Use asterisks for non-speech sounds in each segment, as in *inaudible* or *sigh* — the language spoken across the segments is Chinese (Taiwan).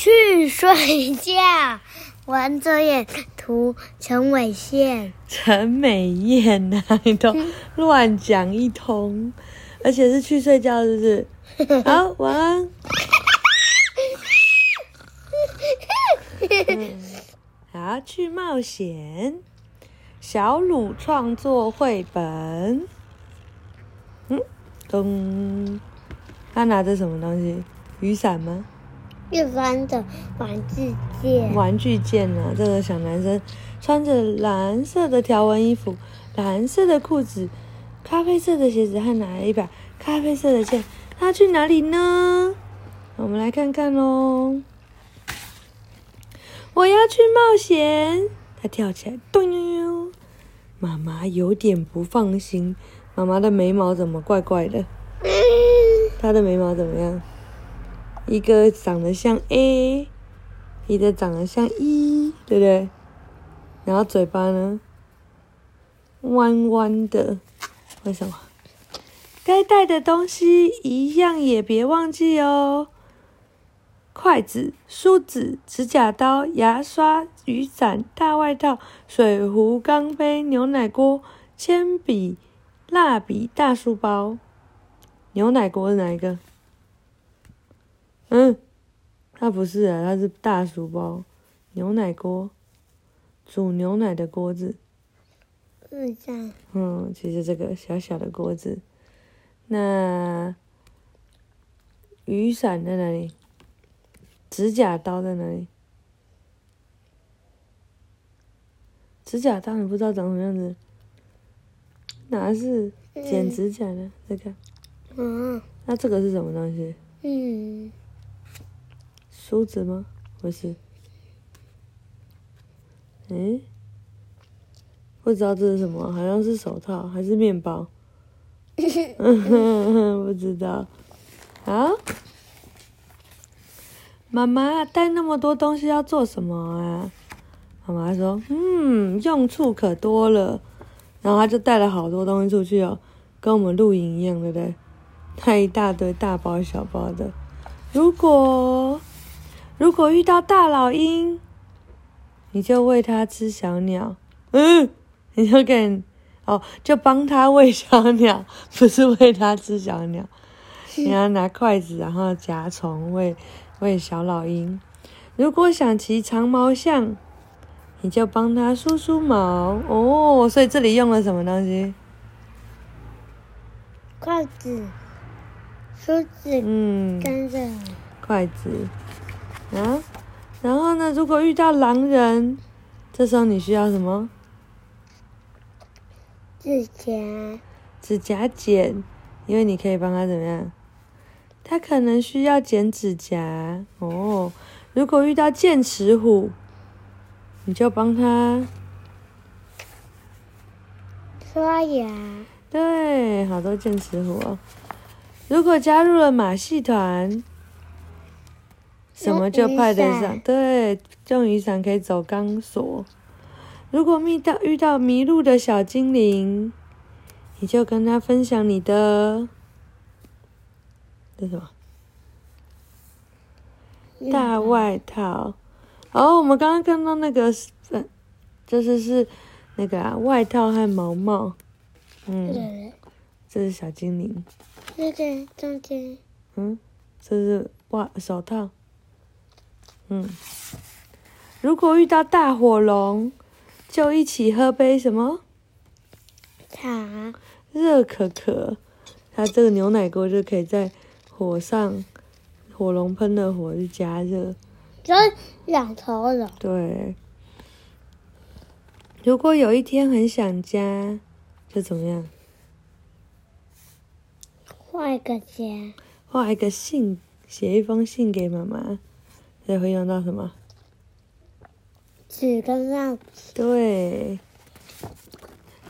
去睡覺，玩作業圖陳偉憲，陳美燕，你都亂講一通，而且是去睡覺，是不是？好，晚安。啊、 *laughs* 嗯，去冒險，小魯創作繪本。嗯，咚，他拿着什麼東西？雨傘嗎？一般的玩具劍，玩具劍啊，這個小男生穿着藍色的條紋衣服，藍色的褲子，咖啡色的鞋子，還拿了一把咖啡色的劍。他去哪裡呢？我們來看看嘍。我要去冒險，他跳起來，咚悠悠。媽媽有點不放心，媽媽的眉毛怎麼怪怪的？嗯，他的眉毛怎麼樣？一個長得像 A，一個長得像 E，對不對？然後嘴巴呢，彎彎的，為什麼？該帶的東西一樣也別忘記哦。筷子、梳子、指甲刀、牙刷、雨傘、大外套、水壺、鋼杯、牛奶鍋、鉛筆、蠟筆、大書包。牛奶鍋是哪一個？.嗯，它不是啊，它是大薯包，牛奶鍋，煮牛奶的鍋子。嗯，嗯，其實這個小小的鍋子，那雨傘在哪裡？指甲刀在哪裡？指甲刀，你不知道長什麼樣子？哪是剪指甲的、嗯、這個。嗯、啊，那這個是什麼東西？嗯。梳子嗎？不是，嗯、欸，不知道這是什麼，好像是手套還是麵包，嗯 *laughs* *laughs* 不知道啊。媽媽帶那麼多東西要做什麼啊？媽媽說：“嗯，用處可多了。”然後他就帶了好多東西出去哦，跟我們露營一樣，對不對？帶一大堆大包小包的。如果如果遇到大老鷹，你就餵它吃小鳥，嗯，你就給哦，就幫它餵小鳥，不是餵它吃小鳥。是你要拿筷子，然後夾蟲餵餵小老鷹。如果想騎長毛象，你就幫它梳梳毛。哦，所以這裡用了什麼東西？筷子、梳子，嗯，跟着筷子。啊，然後呢？如果遇到狼人，這時候你需要什麼？指甲。指甲剪，因為你可以幫他怎麼樣？他可能需要剪指甲哦。如果遇到劍齒虎，你就幫他刷牙。對，好多劍齒虎哦。如果加入了馬戲團。什麼就派得上，對，這種雨傘可以走鋼索。如果遇到遇到迷路的小精靈，你就跟他分享你的這什麼大外套。哦，我們剛剛看到那個是，就是是那個啊，外套和毛毛。嗯，這是小精靈。那個中間。嗯，這是襪手套。嗯，如果遇到大火龍，就一起喝杯什麼？茶。熱可可。它這個牛奶鍋就可以在火上，火龍噴的火就加熱。就兩頭了。對。如果有一天很想家，就怎麼樣？畫一個家。畫一個信，寫一封信給媽媽。所以會用到什麼紙的樣子，對，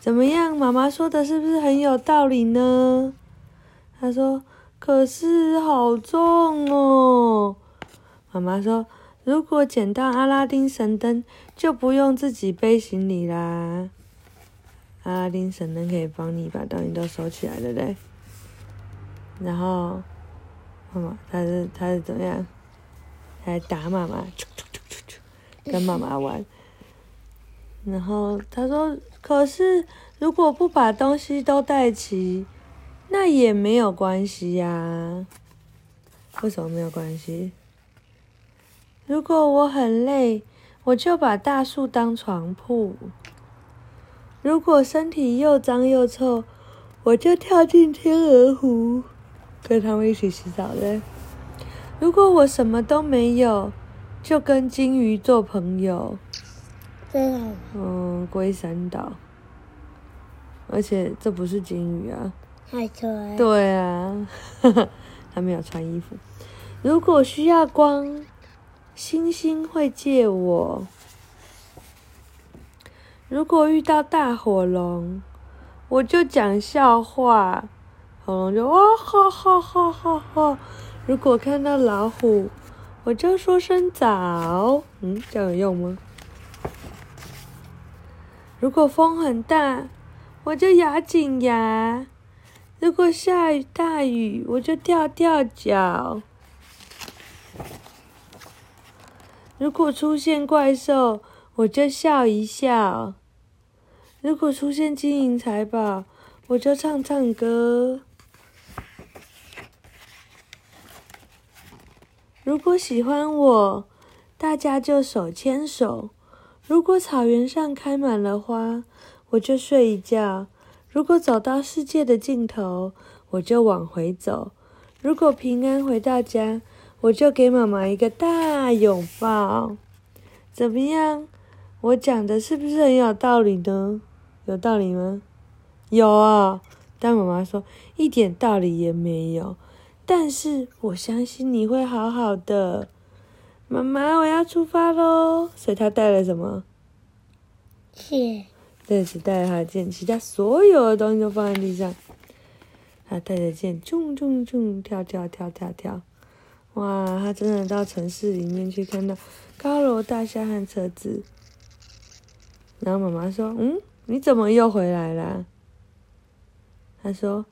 怎麼樣？媽媽說的是不是很有道理呢？他說：“可是好重哦、喔。”媽媽說：“如果撿到阿拉丁神燈，就不用自己背行李啦。阿拉丁神燈可以幫你把東西都收起來，對不嘞，對。”然後，媽媽，他是他是怎麼樣？來打媽媽，跟媽媽玩。然後他說：“可是如果不把東西都帶齊，那也沒有關係呀。為什麼沒有關係？如果我很累，我就把大樹當床鋪；如果身體又髒又臭，我就跳進天鵝湖，跟他們一起洗澡嘞。”如果我什麼都沒有，就跟金魚做朋友。嗯，龜山島。而且這不是金魚啊。海豚。對啊， *laughs* 他沒有穿衣服。如果需要光，星星會借我。如果遇到大火龍，我就講笑話，火龍就哇哈哈哈哈哈哈。呵呵呵呵如果看到老虎，我就說聲早。嗯，這樣有用嗎？如果風很大，我就咬緊牙；如果下雨大雨，我就跳跳腳；如果出現怪獸，我就笑一笑；如果出現金銀財寶，我就唱唱歌。如果喜歡我，大家就手牽手。如果草原上開滿了花，我就睡一覺。如果走到世界的盡頭，我就往回走。如果平安回到家，我就給媽媽一個大擁抱。怎麼樣？我講的是不是很有道理呢？有道理嗎？有啊，但媽媽說，一點道理也沒有。但是我相信你會好好的，媽媽，我要出發嘍。所以他帶了什麼？劍是。這次帶了他的劍，其他所有的東西都放在地上。他帶着劍，衝衝衝，跳跳跳跳跳。哇，他真的到城市裡面去，看到高樓大廈和車子。然後媽媽說：“嗯，你怎麼又回來啦？”他說。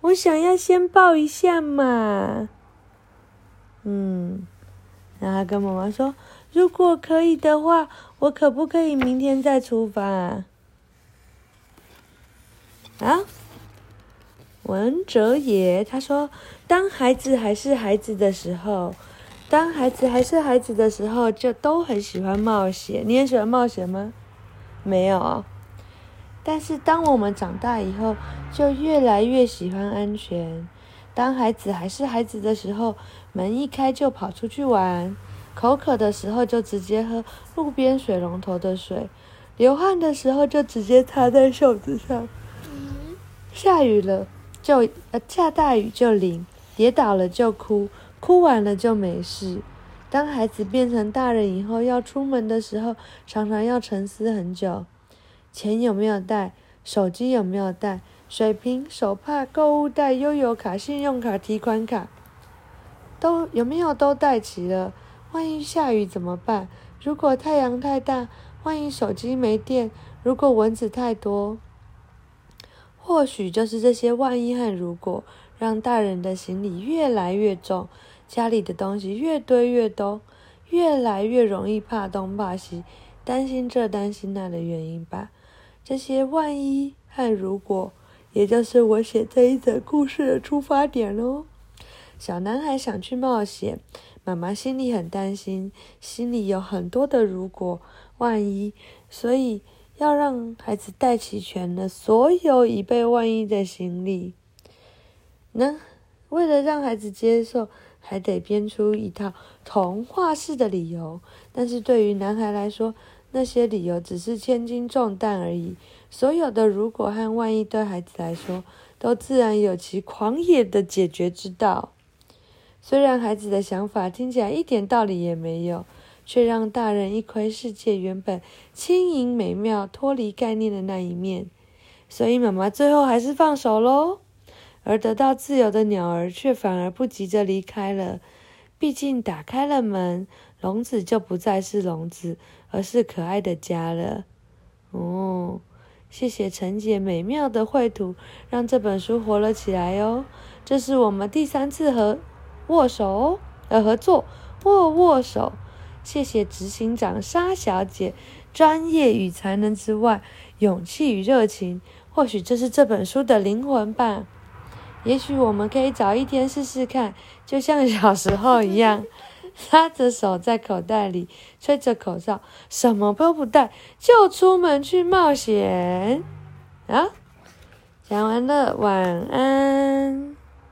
我想要先抱一下嘛，嗯，然後跟媽媽說，如果可以的話，我可不可以明天再出發啊？啊，文哲也他說，當孩子還是孩子的時候，當孩子還是孩子的時候，就都很喜歡冒險。你很喜歡冒險嗎？沒有。但是當我們長大以後，就越來越喜歡安全。當孩子還是孩子的時候，門一開就跑出去玩，口渴的時候就直接喝路邊水龍頭的水，流汗的時候就直接擦在袖子上。嗯、下雨了，就呃，下大雨就淋，跌倒了就哭，哭完了就沒事。當孩子變成大人以後，要出門的時候，常常要沉思很久。錢有沒有帶？手機有沒有帶？水瓶、手帕、購物袋、悠遊卡、信用卡、提款卡，都有沒有都帶齊了？萬一下雨怎麼辦？如果太陽太大，萬一手機沒電？如果蚊子太多？或許就是這些萬一和如果，讓大人的行李越來越重，家裡的東西越堆越多，越來越容易怕東怕西，擔心這擔心那的原因吧。這些萬一和如果，也就是我寫這一則故事的出發點嘍、哦。小男孩想去冒險，媽媽心裡很擔心，心裡有很多的如果、萬一，所以要讓孩子帶齊全了所有以備萬一的行李。那為了讓孩子接受，還得編出一套童話式的理由。但是對於男孩來說，那些理由只是千斤重擔而已，所有的如果和萬一，對孩子來說，都自然有其狂野的解決之道。雖然孩子的想法聽起來一點道理也沒有，卻讓大人一窺世界原本輕盈美妙、脫離概念的那一面。所以媽媽最後還是放手嘍，而得到自由的鳥兒卻反而不急着離開了，畢竟打開了門。籠子就不再是籠子，而是可愛的家了。哦，謝謝陳姐美妙的繪圖，讓這本書活了起來喲、哦。這是我們第三次和握手呃、哦、合作，握握手。謝謝執行長沙小姐，專業與才能之外，勇氣與熱情，或許這是這本書的靈魂吧。也許我們可以早一天試試看，就像小時候一樣。 *laughs* 拉着手，在口袋裡吹着口哨，什麼都不帶，就出門去冒險。啊，講完了，晚安。